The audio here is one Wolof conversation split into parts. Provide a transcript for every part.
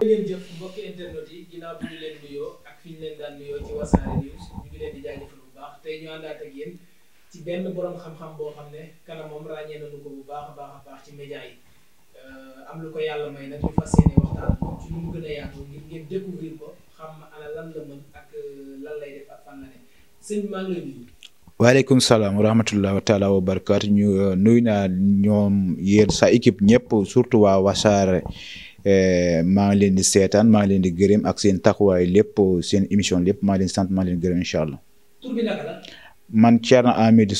jërëjëf mbokki internet yi ginnaaw ñu leen wa barakaatu ñu euh, naa ñoom yéen sa équipe ñëpp surtout waa wasaare. Eh, maa ngi leen di seetaan maa leen di gërëm ak seen taxawaay lépp seen émission lépp maa ngi sant maa leen di gërëm incha allah.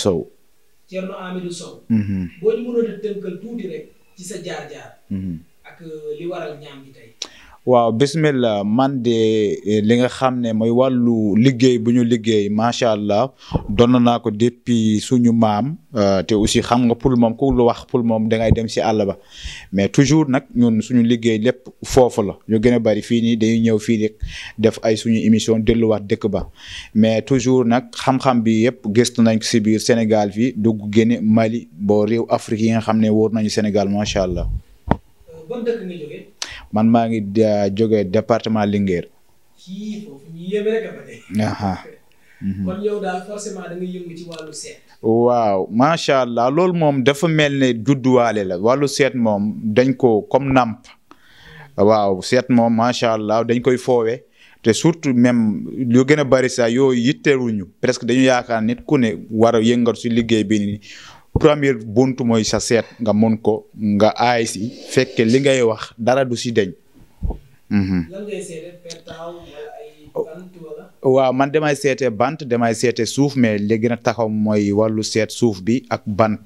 Sow. Thierno Hamidou Sow. Mhm. boo tuuti rek ci sa jaar-jaar. Mhm. ak eh, li waral ñaam gi tey. waaw bismillah man de eh, li nga xam ne mooy wàllu liggéey bu ñu liggéey macha allah doon naa ko depuis suñu maam euh, te aussi xam nga pour moom ku lu wax pour moom dangay dem si àll ba mais toujours nag ñun suñu liggéey lépp foofu la ñu gën a bari fii nii dañuy ñëw fii nii def ay suñu émission delluwaat dëkk ba mais toujours nag xam-xam bi yëpp gëstu nañ ko si biir Sénégal fii dugg génne Mali boo réew Afrique yi nga xam ne wóor nañu Sénégal macha allah. Euh, man maa ngi uh, jógee département Linguère. kii waaw macha allah loolu moom dafa mel ne judduwaale la wàllu seet moom dañ ko comme namp waaw seet moom macha allah dañ koy foowe te surtout même lu gën a bari sax yooyu yitteeluñu presque dañu yaakaar nit ku ne war a yëngatu si liggéey bi première bunt mooy sa seet nga mën ko nga aay si fekke li ngay wax dara du si deñ mhm. oh. waaw man damay seete bant damay seete suuf mais li gën a taxaw mooy wàllu seet suuf bi ak bant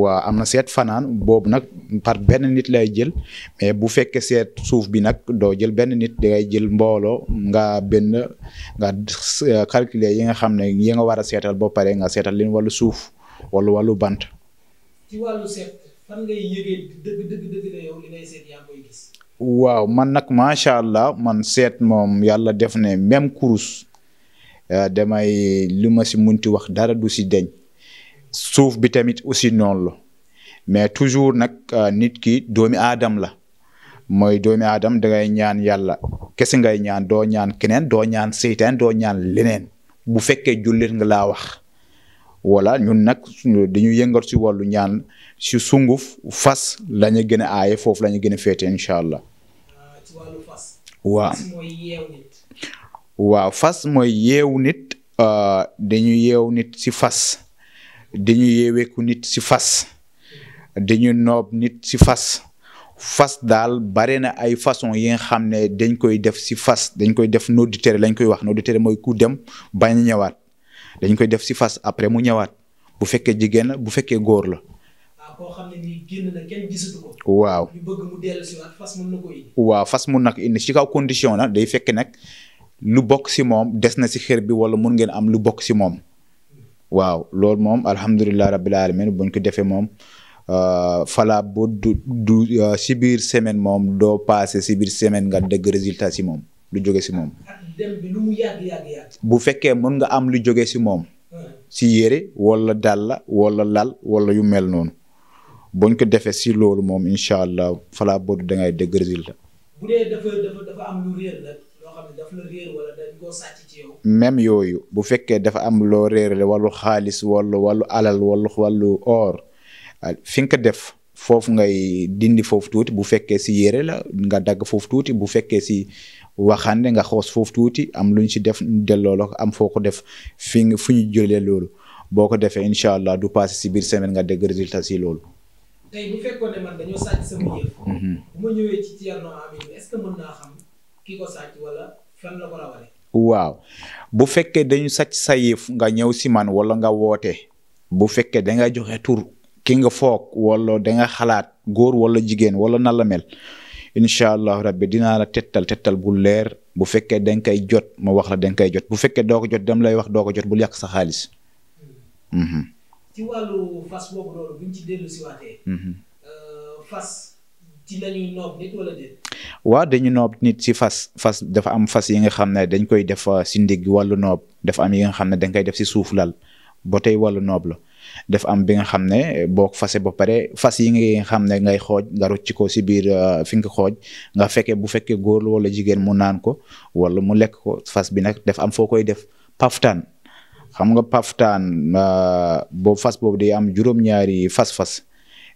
waaw am na seet fanaan boobu nag par benn nit lay jël mais bu fekkee seet suuf bi nag doo jël benn nit dangay jël mbooloo nga benn nga calculer yi nga xam ne yi nga war a seetal ba pare nga seetal leen wàllu suuf wala walu bant. waaw man nag macha allah man seet moom yàlla def ne même kurus uh, damay li ma si munti wax dara du si deñ suuf bi tamit aussi noonu la mais toujours nag euh, nit ki doomi aadam la mooy doomi aadam dangay ñaan yàlla kese ngay ñaan doo ñaan keneen doo ñaan seytaan doo ñaan leneen bu fekkee jullit nga laa wax. wala ñun nag dañuy yëngal si wàllu ñaan si sunguf fas lañu gën a aaye foofu la gën a féete incha allah. waaw fas mooy yeewu nit euh, dañu yeew nit si fas dañu yeeweeku nit si fas dañu noob nit ci fas fas daal bare na ay façon yi nga xam ne dañ koy def si fas dañ koy def noddu tere lañ koy wax noddu tere mooy ku dem bañ ñëwaat dañ koy def si fas après mu ñëwaat bu fekkee jigéen bu fekkee góor la. Ah, waaw fas mun na indi. waaw fas mun na indi si kaw condition na day fekk nag lu bokk si moom des na si xeer bi wala mun ngeen am lu bokk si moom. waaw loolu moom alhamdulilah rabbil alamin buñ ko defee moom uh, fala bu du du si euh, biir semaine moom doo paase si biir semaine nga dégg résultat si moom. lu jóge si moom. bu fekkee mën nga am lu jóge si moom. Hmm. si yére walla dàll walla lal wala yu mel noonu buñ ko defee si loolu moom incha allah falaa boobu da ngay la réer même yooyu bu fekkee dafa am loo réer la wàllu xaalis wala wàllu alal wala wàllu or fi nga ko def. foofu ngay dindi foofu tuuti bu fekkee si yére la nga dagg foofu tuuti bu fekkee si waxande nga xoos foofu tuuti am luñ si def delloolook am foo ko def fi nga fu ñu jëlee loolu boo ko defee incha allah du passé si biir semaine nga dégg résultat si loolu. Mhm. waaw bu fekkee dañu sàcc sa yëf nga ñëw si man wala nga woote bu fekkee da nga joxe tur. ki nga foog wala danga xalaat góor wala jigéen wala nan la mel incha allahu rabbi dinaa la tetal tetal bu leer bu fekkee da nga koy jot moo wax la da nga koy jot bu fekkee doo ko jot dam lay wax doo ko jot bul yàq sa xaalis. Mhm. ci wàllu fas boobu loolu ci mhm. euh, fas dañu noob nit si fas fas dafa am fas yi nga xam ne dañ koy def euh, si ndig wàllu noob dafa am yi nga xam ne dañ koy def si suuf lal boo tey wàllu noob la. def am bi nga xam ne boo ko fase ba pare fas yi nga xam ne ngay xooj nga rocc ko si biir euh, fi nga xooj nga fekkee bu fekkee góor la wala jigéen mu naan ko wala mu lekk ko fas bi nag def am foo koy def paftaan xam nga paftaan euh, bo fas boobu day am juróom-ñaari fas-fas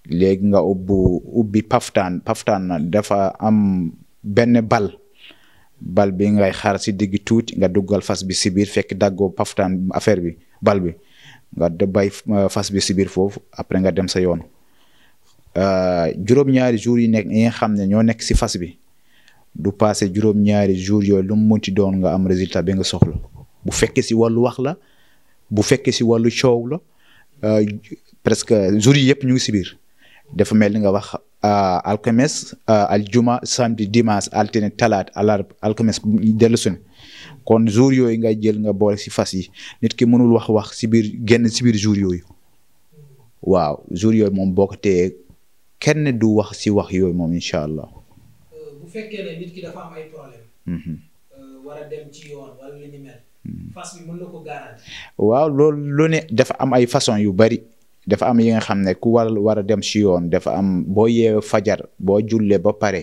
léegi nga ubbu ubbi paftaan paftaan dafa am benn bal bal bi ngay xaar si digg tuuti nga duggal fas bi si biir fekk daggoo paftaan affaire bi bal bi nga de bay fas bi si biir foofu après nga dem sa yoon euh, juróom-ñaari jours yi nekk yi nga xam ne ñoo nekk si fas bi du passé juróom-ñaari jours yooyu lu munti doon nga am résultat bi nga soxla bu fekkee si wàllu wax la bu fekkee si wàllu coow la euh, presque jours yi yëpp ñu ngi si biir dafa mel ni nga wax euh, alxames juma samedi dimance altine talaat alarba alxames kon jour yooyu nga jël nga bool si fas yi nit ki mënul wax wax si biir génn si biir yooyu waaw jour yooyu moom boo ko téyee kenn du wax si wax yooyu moom incha allah. Euh, bu fekkee mhm. euh, mhm. waaw loolu lu ne dafa am ay façon yu bari. dafa am yi nga xam ne ku war war a dem si yoon dafa am boo yeewee fajar boo jullee ba pare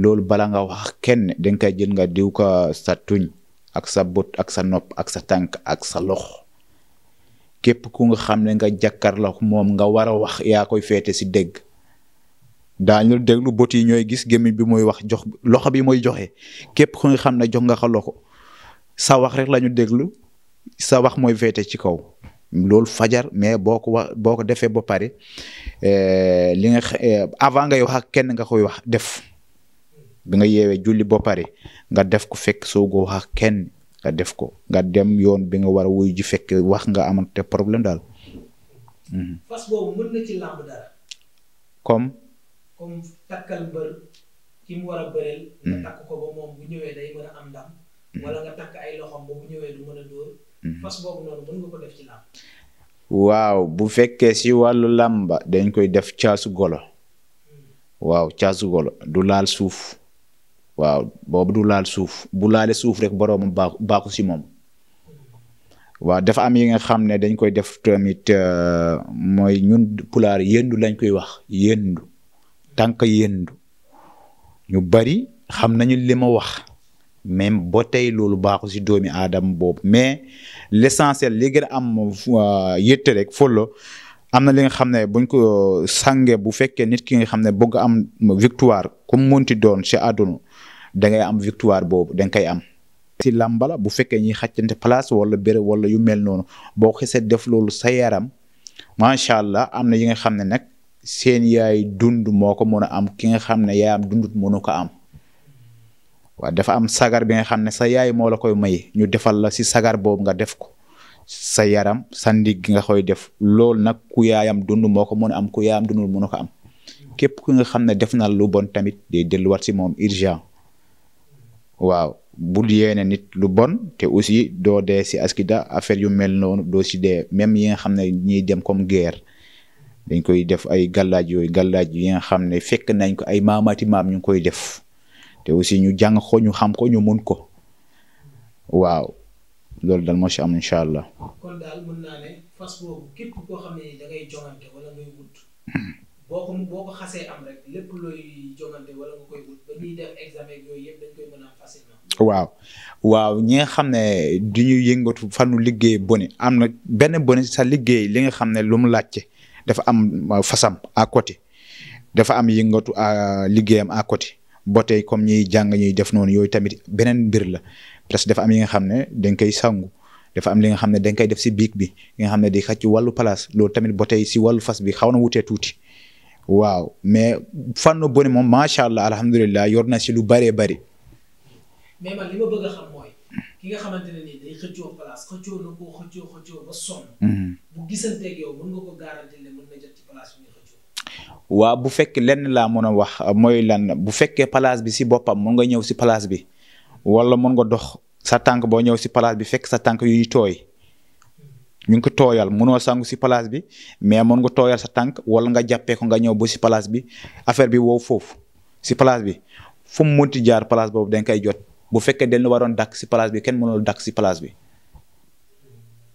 loolu bala nga wax kenn danga ka jël nga diw ko sa ak sa bot ak sa nopp ak sa tànk ak sa loxo képp ku nga xam ne nga jàkkaarloo moom nga war a wax yaa koy féete si dégg daañu déglu bët yi ñooy gis gémmiñ bi muy wax jox loxo bi muy joxe képp ku nga xam ne jox nga ko loxo sa wax rek lañu déglu sa wax mooy féete ci kaw loolu fajar mais boo ko boo ko defee ba pare eh, li nga eh, avant ngay wax ak kenn nga koy wax def bi nga julli ba pare nga def ko fekk soogoo kenn def ko nga dem yoon bi nga war a wuyu ji fekk wax nga amante problème daal. Mhm. fas boobu mën na ci làmb dara. Mhm. Mhm. ba bu ñëwee ci làmb. waaw bu dañ koy def caasu golo. waaw caasu golo du laal suuf. waaw boobu du laal suuf bu laale suuf rek boroomam baax baaxu si moom waaw dafa am yi nga xam ne dañ koy def tamit euh, mooy ñun pulaar yëndu lañ koy wax yëndu tànk yëndu ñu bari xam nañu lima wax même ba tey loolu baaxu si doomi aadama boobu mais l'essentiel li gën a am yëtte rek folo am na li nga xam ne buñ ko sangee bu fekkee nit ki nga xam ne bëgg am victoire comme mënti doon si àdduna da ngay am victoire boobu danga nga koy am. si làmbala bu fekkee ñuy xàccante place wala béréb wala yu mel noonu boo xesee def loolu sa yaram macha allah am na yi nga xam ne nag seen yaay dund moo ko mën a am ki nga xam ne yaayam dundut mënu ko am. waaw dafa am sagar bi nga xam ne sa yaay moo la koy may ñu defal la si sagar boobu nga def ko sa yaram sa ndigg nga koy def loolu nag ku yaayam dund moo ko mën a am ku yaayam dundul mënu ko am képp ki nga xam ne def na lu bon tamit day delluwaat si moom urgent waaw bul yéene nit lu bon te aussi doo dee si askida affaire yu mel noonu doo si dee même yi nga xam ne ñiy dem comme guerre dañ koy def ay gàllaaj yooyu gàllaaj yi nga xam ne fekk nañ ko ay maamaati maam ñu ngi koy def te aussi ñu jàng ko ñu xam ko ñu mun ko waaw loolu daal moo si am incha allah. boo waaw waaw ñi nga xam ne du ñu yëngatu fanu liggéey bone am na benn bone sa liggéey li nga xam ne lu mu laajte dafa am euh, fasam à côté dafa am yëngatu euh, liggéeyam à côté ba tey comme ñuy jàng ñuy def noonu yooyu tamit beneen mbir la parce que dafa am yi nga xam ne dañ koy sangu. dafa am li nga xam ne dañ koy def si biig bi nga xam ne di xaj ci wàllu place loolu tamit ba si wàllu fas bi xaw na wutee tuuti waaw mais fànn boni moom macha allah alhamdulilah yor na si lu bëree bari mais bu gisanteeg waaw bu fekkee lenn laa mën a wax mooy lan bu fekkee place bi si boppam mën nga ñëw si place bi wala mën nga dox sa tànk boo ñëw si place bi fekk sa tànk yuy tooy. ñu ngi ko tooyal munoo sangu si palace bi mais mën nga tooyal sa tànk wala nga jàppee ko nga ñëw ba si place bi affaire bi wow foofu si place bi fu mu mënti jaar palace boobu dañ koy jot bu fekkee dañ la waroon dakk si place bi kenn mënul dakk si place bi.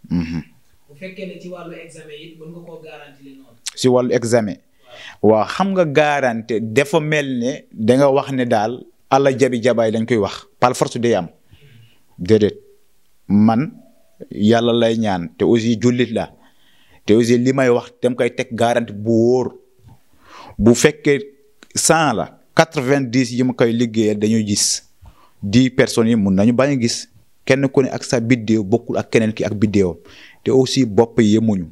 Mhm. ci wàllu examen yi waaw xam nga garanti dafa mel ne da nga wax ne daal. alla jabi jabaay dañ koy wax pal force day am déedéet man yàlla lay ñaan te aussi jullit la te aussi lii may wax dem koy teg garanti bu wóor bu fekkee cent la quatre-vingt-dix yi ma koy liggéeyal dañuy gis di personnes yi mun nañu bañ a gis kenn ku ne ak sa biddéew bokkul ak keneen ki ak biddéewam te aussi bopp yi yemuñu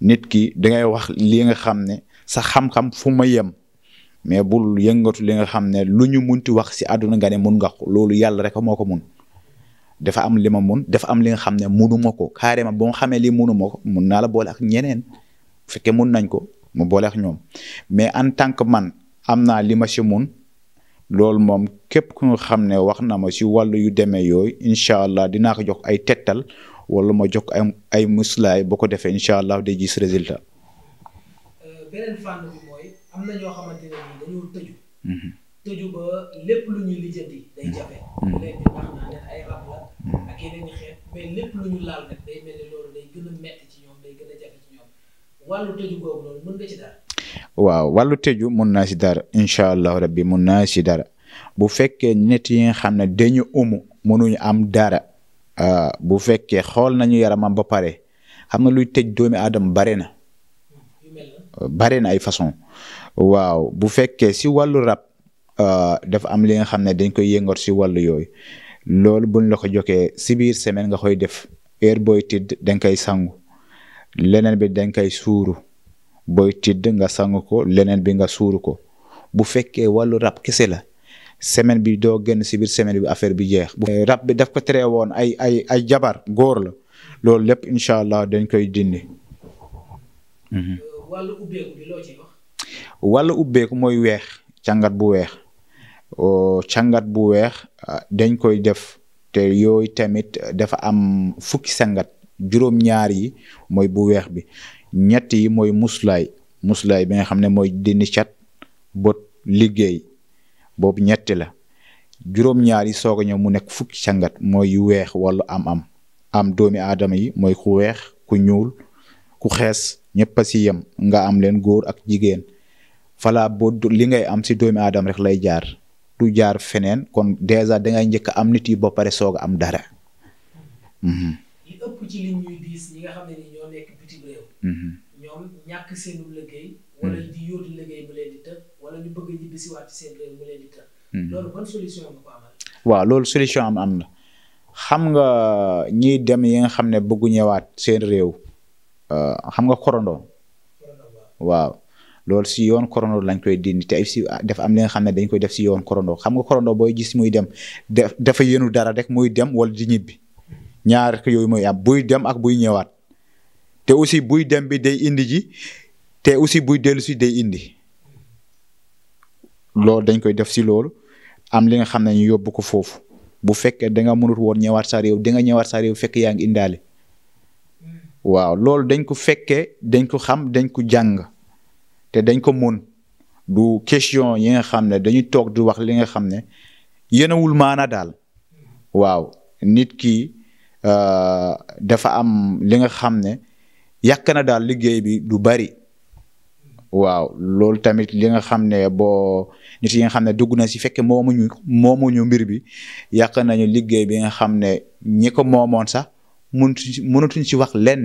nit ki dangay wax li nga xam ne sa xam-xam fu ma yem mais bul yëngatu li nga xam ne lu ñu mun munti wax si àdduna nga ne mun nga loolu yàlla rek moo ko mun dafa am li ma mun dafa am li nga xam ne munuma ko carrément boo xamee li munuma ko mun naa la boole ak ñeneen bu fekkee mun nañ ko mu boole ak ñoom mais en tant que man am naa li ma si mun loolu moom képp ku xam ne wax na ma si wàllu yu demee yooyu incha allah dinaa ko jox ay tetal wala ma jox ay ay muslaay boo ko defee incha allah day gis résultat. Euh, beneen tëju ba lépp lu mm. naa mm. ci ñoom day gën mën nga ci dara. waaw wàllu tëju mun naa si dara incha allah rabbi mun naa si dara bu fekkee nit yi nga xam ne dañu umu mënuñu am dara uh, bu fekkee xool nañu yaramam ba pare xam na luy tëj doomi aadama bare mm, na. bare na ay façon waaw bu fekkee si wàllu rab. Euh, dafa am li nga xam ne dañ koy yëngoot si wàllu yooyu loolu bu la ko jokkee si biir semaine nga koy def heure booy tiid dañ koy sangu leneen bi dañ koy suuru booy tidd nga sangu ko leneen bi nga suuru ko bu fekkee wàllu rab kese la semaine bi doo génn si biir semaine bi affaire bi jeex. rab bi daf ko tere woon ay ay ay jabar góor la loolu lépp incha allah dañ koy dindi. Euh, mhm. wàllu ubbeeku mooy weex càngat bu weex. càngat bu weex ah, dañ koy def te yooyu tamit dafa am fukki sangat juróom-ñaar yi mooy bu weex bi ñett yi mooy muslaay muslaay bi nga xam ne mooy dindi cat bot liggéey boobu ñetti la juróom-ñaar yi soog a mu nekk fukki sangat mooy yu weex wala am-am am doomi aadama yi mooy ku weex ku ñuul ku xees ñëpp a si yam nga am leen góor ak jigéen fala boo li ngay am si doomi aadama rek lay jaar du jaar feneen kon dèjà dangay njëkk am nit yi ba pare soog am dara. Mhm. yi ñi nga xam ne ni ñoo nekk bitim réew. Mhm. ñoom ñàkk seenu liggéey. Mhm. loolu solution nga waaw loolu solution am am na xam nga ñiy dem yi nga xam ne bëggu ñëwaat seen réew euh, xam nga korondoo waaw loolu si yoon korondo lañ koy dindi te si ah, dafa am li nga xam ne dañ koy def si yoon korondo xam nga koronoo booy gis muy dem def dafa yéenu dara rek muy dem wala di ñibbi ñaar yooyu mooy am buy dem ak buy ñëwaat te aussi buy dem bi day indi ji te aussi buy dellu si day indi loolu dañ koy def si loolu am li nga xam ne ñu yóbbu ko foofu bu fekkee da nga mënut woon ñëwaat sa réew di nga ñëwaat sa réew fekk yaa ngi indaale hmm. waaw loolu dañ ko fekkee dañ ko xam dañ ko jàng. te dañ ko mën du question yi nga xam ne dañuy toog di wax li nga xam ne yenewul maana daal waaw nit ki uh, dafa am li nga xam ne yàq na daal liggéey bi du bari waaw loolu tamit li nga xam ne bo nit yi nga xam ne dugg na si fekkee moomuñu moomuñu mbir bi yàq nañu liggéey bi nga xam ne ñi ko moomoon sax mënatuñ si mënatuñ si wax lenn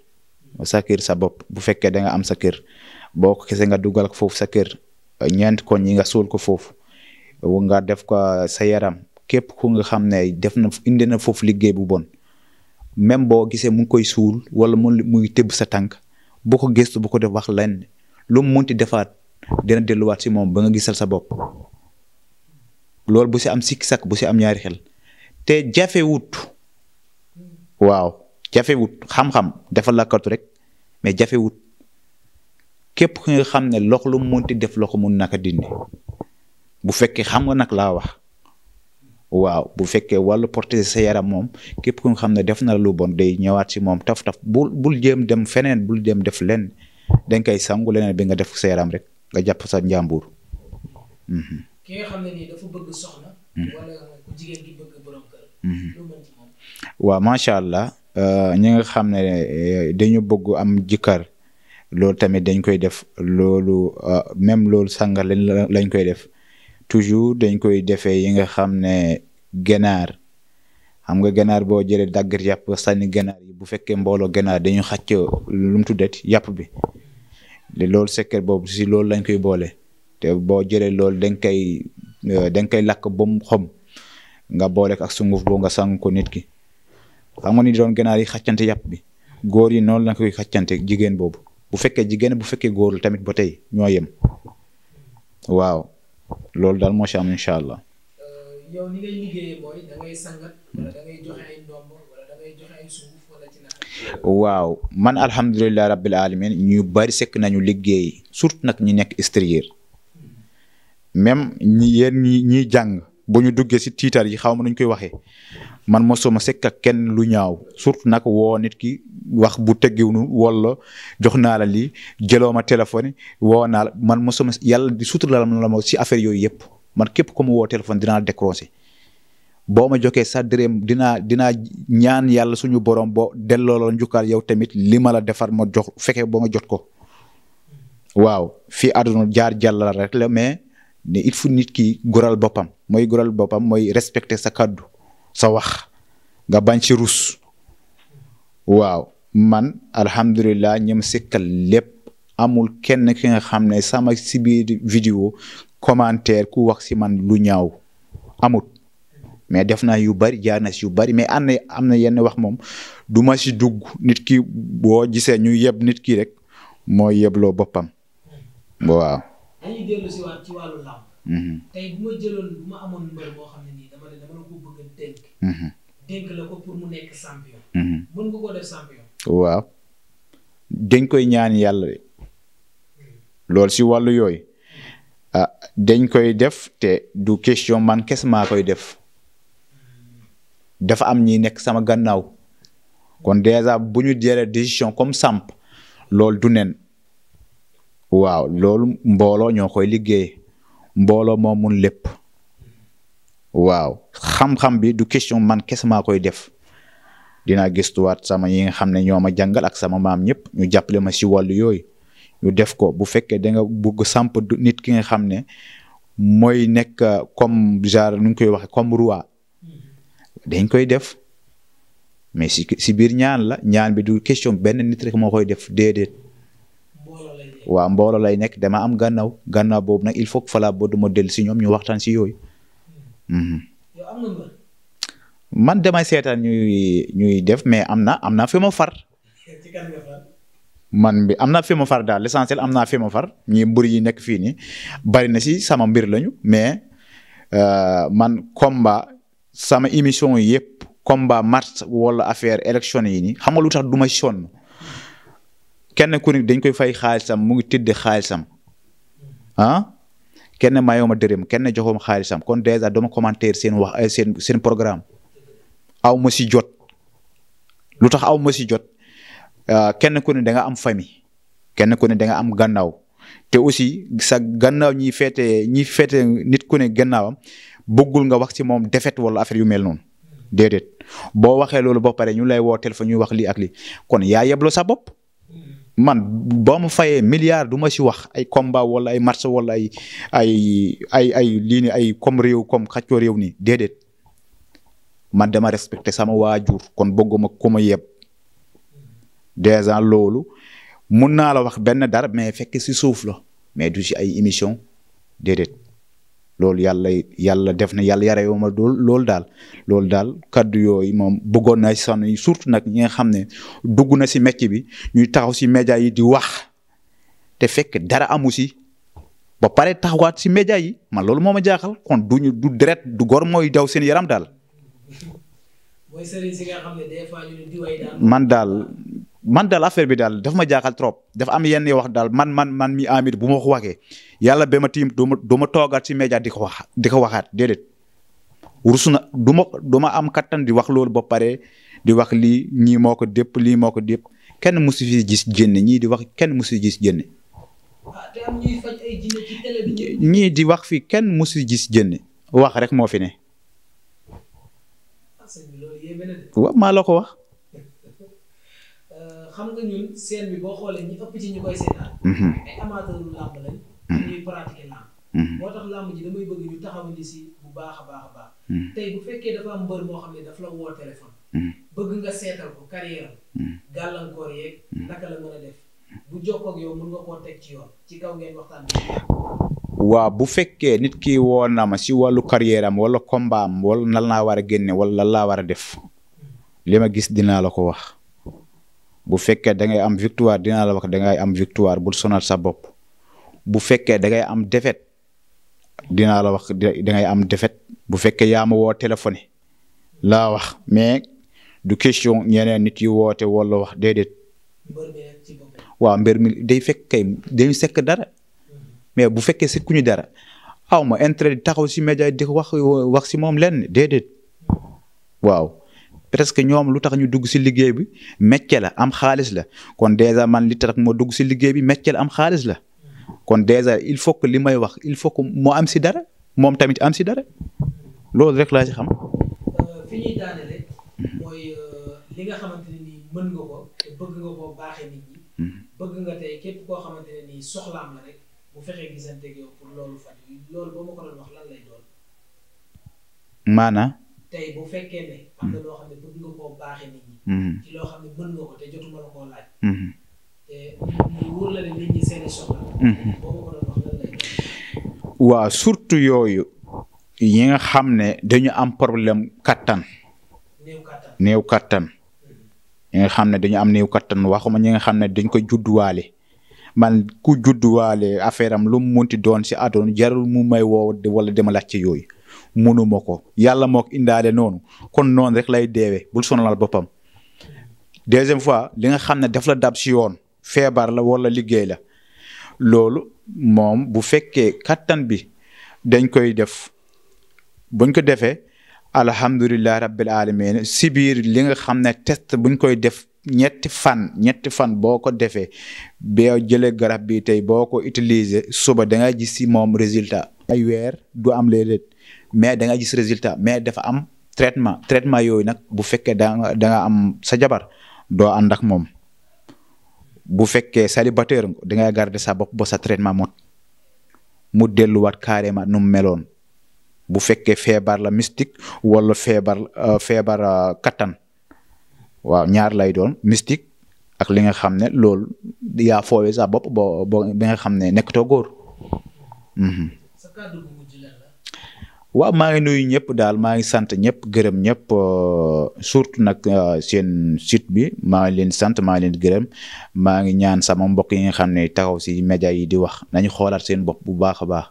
sa kër sa bopp bu fekkee da am sa kër boo ko nga dugal ko foofu sa kër ñeent koñ ñi nga suul ko foofu nga def ko sa yaram képp ku nga xam ne def na indi na foofu liggéey bu bon même boo gisee mu ngi koy suul wala mu muy tëbb sa tànk boo ko gëstu bu ko def wax lenn lu mu munti defaat dina delluwaat si moom ba nga gisal sa bopp loolu bu si am sikki sak bu si am ñaari xel te jafewut waaw jafewut xam-xam dafa rek mais jafewut képp ki xam ne lox lu munti def loxo mun naka dindi bu fekkee xam nga nag laa wax waaw bu fekkee wàllu porté sa yaram moom képp ku nga xam ne def na lu bon day ñëwaat si moom taf taf bul bul jéem dem feneen bul jéem def leen dañ koy sangu leneen bi nga def sa yaram rek nga jàpp sa njàmbur. Mhm. ki nga mhm. mhm. allah Euh, ñi nga xam ne euh, dañu bëgg am jikkar loolu tamit dañ koy def loolu euh, même loolu sàngar lañ lañ koy def toujours dañ koy defee yi nga xam ne ganaar xam nga ganaar boo jëlee dàggat yàpp sànni ganaar yi bu fekkee mbooloo ganaar dañu xàcc lu mu tuddat yàpp bi loolu secret boobu si loolu lañ koy boole te boo jëlee loolu dañ koy dañ koy lakk ba mu xom nga boole ak sunguf boo nga sang ko nit ki xam nga ni doon ganaar yi xàccante yàpp bi góor yi noonu la koy xàccante jigéen boobu bu fekkee jigéen bu fekkee góor tamit ba tey ñoo yem waaw loolu daal moo ci allah. Euh, waaw man alhamdulilah rabbil alamin ñu bari sekk nañu liggéey surtout nag ñi nekk extérieur même ñi yéen ñi ñiy jàng bu ñu duggee si tiitar yi xaw ma nuñ koy waxee man mosuma sekk ak kenn lu ñaaw surtout nag woo nit ki wax bu teggiwunu wala jox naa la lii jëloo ma téléphone woo naa la man mosuma yàlla di suturaal la ma si affaire yooyu yëpp man képp ku ma woo téléphone dinaa la décroché boo ma jokkee sa dërëm dinaa dinaa ñaan yàlla suñu borom bo delloo la njukkaal yow tamit li ma la defar ma jox fekkee ba nga jot ko waaw fii àdduna jaar jàll rek la ne il faut nit ki goral boppam mooy goral boppam mooy respecter sa kàddu sa wax nga bañ ci ruus waaw man alhamdulilah ñoom sekkal lépp amul kenn ki nga xam ne sama si vidéo commentaire ku wax si man lu ñaaw amut mais def naa yu bari jaar na si yu bari mais am am na yenn wax moom du ma si dugg nit ki boo gisee ñu yeb nit ki rek mooy yebloo boppam waaw dañuy mhm. mhm. mhm. waaw dañ koy ñaan yàlla de hmm. loolu si wàllu yooyu hmm. ah koy def te du question man kes maa koy def hmm. dafa am ñi nekk sama gannaaw kon déjà bu ñu jëlee décision comme samp loolu du nen. waaw loolu mbooloo ñoo koy liggéey mbooloo moo mun lépp waaw xam-xam bi du question man kese maa koy def dina gistuwaat sama yi nga xam ne ñoo ma jàngal ak sama maam ñëpp ñu jàppale ma si wàllu yooyu ñu def ko bu fekkee da nga bugg samp nit ki nga xam ne mooy nekk comme genre nu ñu koy waxee comme roi dañ koy def mais si si biir ñaan la ñaan bi du question benn nit rek moo koy def déedéet waa mbooloo lay nekk dama am gànnaaw gannaaw boobu nag il faut Fala Bodou ma dellu si ñoom ñu waxtaan si yooyu. Mhm. man dema seetaan ñuy ñuy def mais am na am na fi far. man bi am na fi ma far daal l'essentiel am naa fi ma far ñi mbër yi nekk fii nii bari na si sama mbir lañu mais uh, man combat sama émission yëpp combat mars wala affaire élection yi nii xam nga lu tax duma ma sonn. kenn ku dañ koy fay xaalisam mu ngi tëdd xaalisam ah kenn mayoma dërëm kenn joxoom xaalisam kon dèjà dama commentaire seen wax eh, seen seen programme aw ma si jot lu tax aw ma si jot ah, kenn ku ne da am famille kenn ku ne da am gannaaw te aussi sa gannaaw ñi feete ñi feete nit ku ne gannaawam bëggul nga wax si moom defet wala affaire yu mel noonu déedéet boo waxee loolu ba pare ñu lay woo téléphone ñuy wax lii ak lii kon yaa yebloo sa bopp. man boo ma fayee milliard duma ma si wax ay combat wala ay match wala ay ay ay ay lii ay comme réew comme xaccoo réew nii déedéet man dema respecté sama waajur kon bëgguma ku ma yeb déjà loolu mun naa la wax benn dara mais fekk si suuf la mais du si ay émission déedéet loolu yàlla yàlla def na yàlla yare ma dool loolu daal loolu daal kaddu yooyu moom bëggoon naa sànni surtout nag ñi nga xam ne dugg na si métier bi ñuy taxaw si média yi di wax te fekk dara amu si ba pare taxawaat si média yi ma loolu moom ma jaaxal kon duñu du deret du gor mooy daw seen yaram daal. man daal man daal affaire bi daal dafa ma jaaxal trop dafa am yenn yi wax daal man man man mi amit bu ma ko waxee yàlla be ma tiim du ma du ma toogaat ci média di ko wax di ko waxaat déedéet. rus na du ma am kattan di wax lool ba pare di wax lii ñii moo ko dépp lii moo ko dépp kenn musu fi gis jënne ñii di wax kenn musu gis jënne. ñii di wax fi kenn musu gis jënne wax rek moo fi ne. waaw maa la ko wax. xam nga ñun seen bi boo xoolee ñi ëpp ci ñu koy seetaan. Mhm. ay amateur làmb lañ. Mhm. ñuy pratiquer mhm. moo tax làmb ji bu fekkee dafa la woo téléphone. bëgg nga seetal ko carrière gàllankoor yeeg. naka la mën a def bu jokkoo ak yow nga koo teg ci yoon ci kaw ngeen waxtaan bi. waaw bu fekkee nit ki woo na ma si wàllu carrière am wala combat am wala laa war a génne wala lan laa war a def. li ma gis dinaa la ko wax. bu fekkee da ngay am victoire dinaa la wax da am victoire bul sonal sa bopp bu fekkee da ngay am défaite dinaa la wax da ngay am défaite bu fekkee yaa ma woo téléphone laa wax mais du question ñeneen nit yi woote wala wax déedéet. waaw mbir mi day fekk kay dañu sekk dara mais bu fekkee sekkuñu dara aw ma intérêt di taxaw si média di wax wax si moom leen déedéet waaw. presque ñoom lu tax ñu dugg si liggéey bi métier la am xaalis la kon dèjà man li tax ma dugg si liggéey bi métier la am xaalis la kon dèjà il faut que li may wax il faut que am si dara moom tamit am si dara loolu rek euh, mooy euh, li nga xamante nii mën nga ko bëgg nga ko baaxee nit hmm. bëgg nga tey képp koo xamante nii soxlaam la rek bu fexee gisante ak yow pour loolu fan yi loolu ko doon lay doon. maanaam. tey bu fekkee ne. Hmm. ñi. Hmm. nga hmm. surtout yooyu yi xam ne dañu am problème kattan. néew kattan néew nga xam ne dañu am néew kattan waxuma ñi nga xam ne dañ ko judduwaale man ku judduwaale affaire am lu mu munti doon si àdduna jarul mu may woo wala dama laaj ci yooyu. munu ma ko yàlla moo ko indaale noonu kon noonu rek lay deewee bul sonalal boppam. deuxième fois li nga xam ne def la dab si yoon feebar la wala liggéey la loolu moom bu fekkee kattan bi dañ koy def buñ ko defee alhamdulilah rabbil alamin si biir li nga xam ne test buñ koy def. ñetti fan ñetti fan boo ko defee boo jëlee garab bi tey boo ko utiliser suba da nga gis moom résultat ay weer du am léeg-léeg mais da nga gis résultat mais dafa am traitement traitement yooyu nag bu fekkee da nga da am sa jabar doo ànd ak moom bu fekkee célibataire da ngay garder sa bopp ba sa traitement mot mu delluwaat carrément nu mu meloon bu fekkee feebar la mystique wala feebar uh, feebar uh, kattan waaw ñaar lay doon mystique ak li nga xam ne loolu yaa foowe sa bopp bo bo bi nga xam ne nekkatoo góor. Mhm. waa maa ngi nuyu ñëpp daal maa ngi sant ñëpp gërëm ñëpp euh, surtout nag euh, seen site bi maa ngi leen sant maa leen gërëm maa ngi ñaan sama mbokk yi nga xam ne taxaw si média yi di wax nañu xoolaat seen bopp bu baax a baax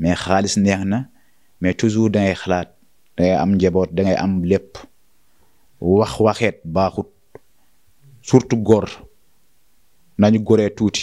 mais xaalis neex na mais toujours da xalaat danga am njaboot da ngay am lépp wax waxeet baaxut surtout góor nañu goree tuuti.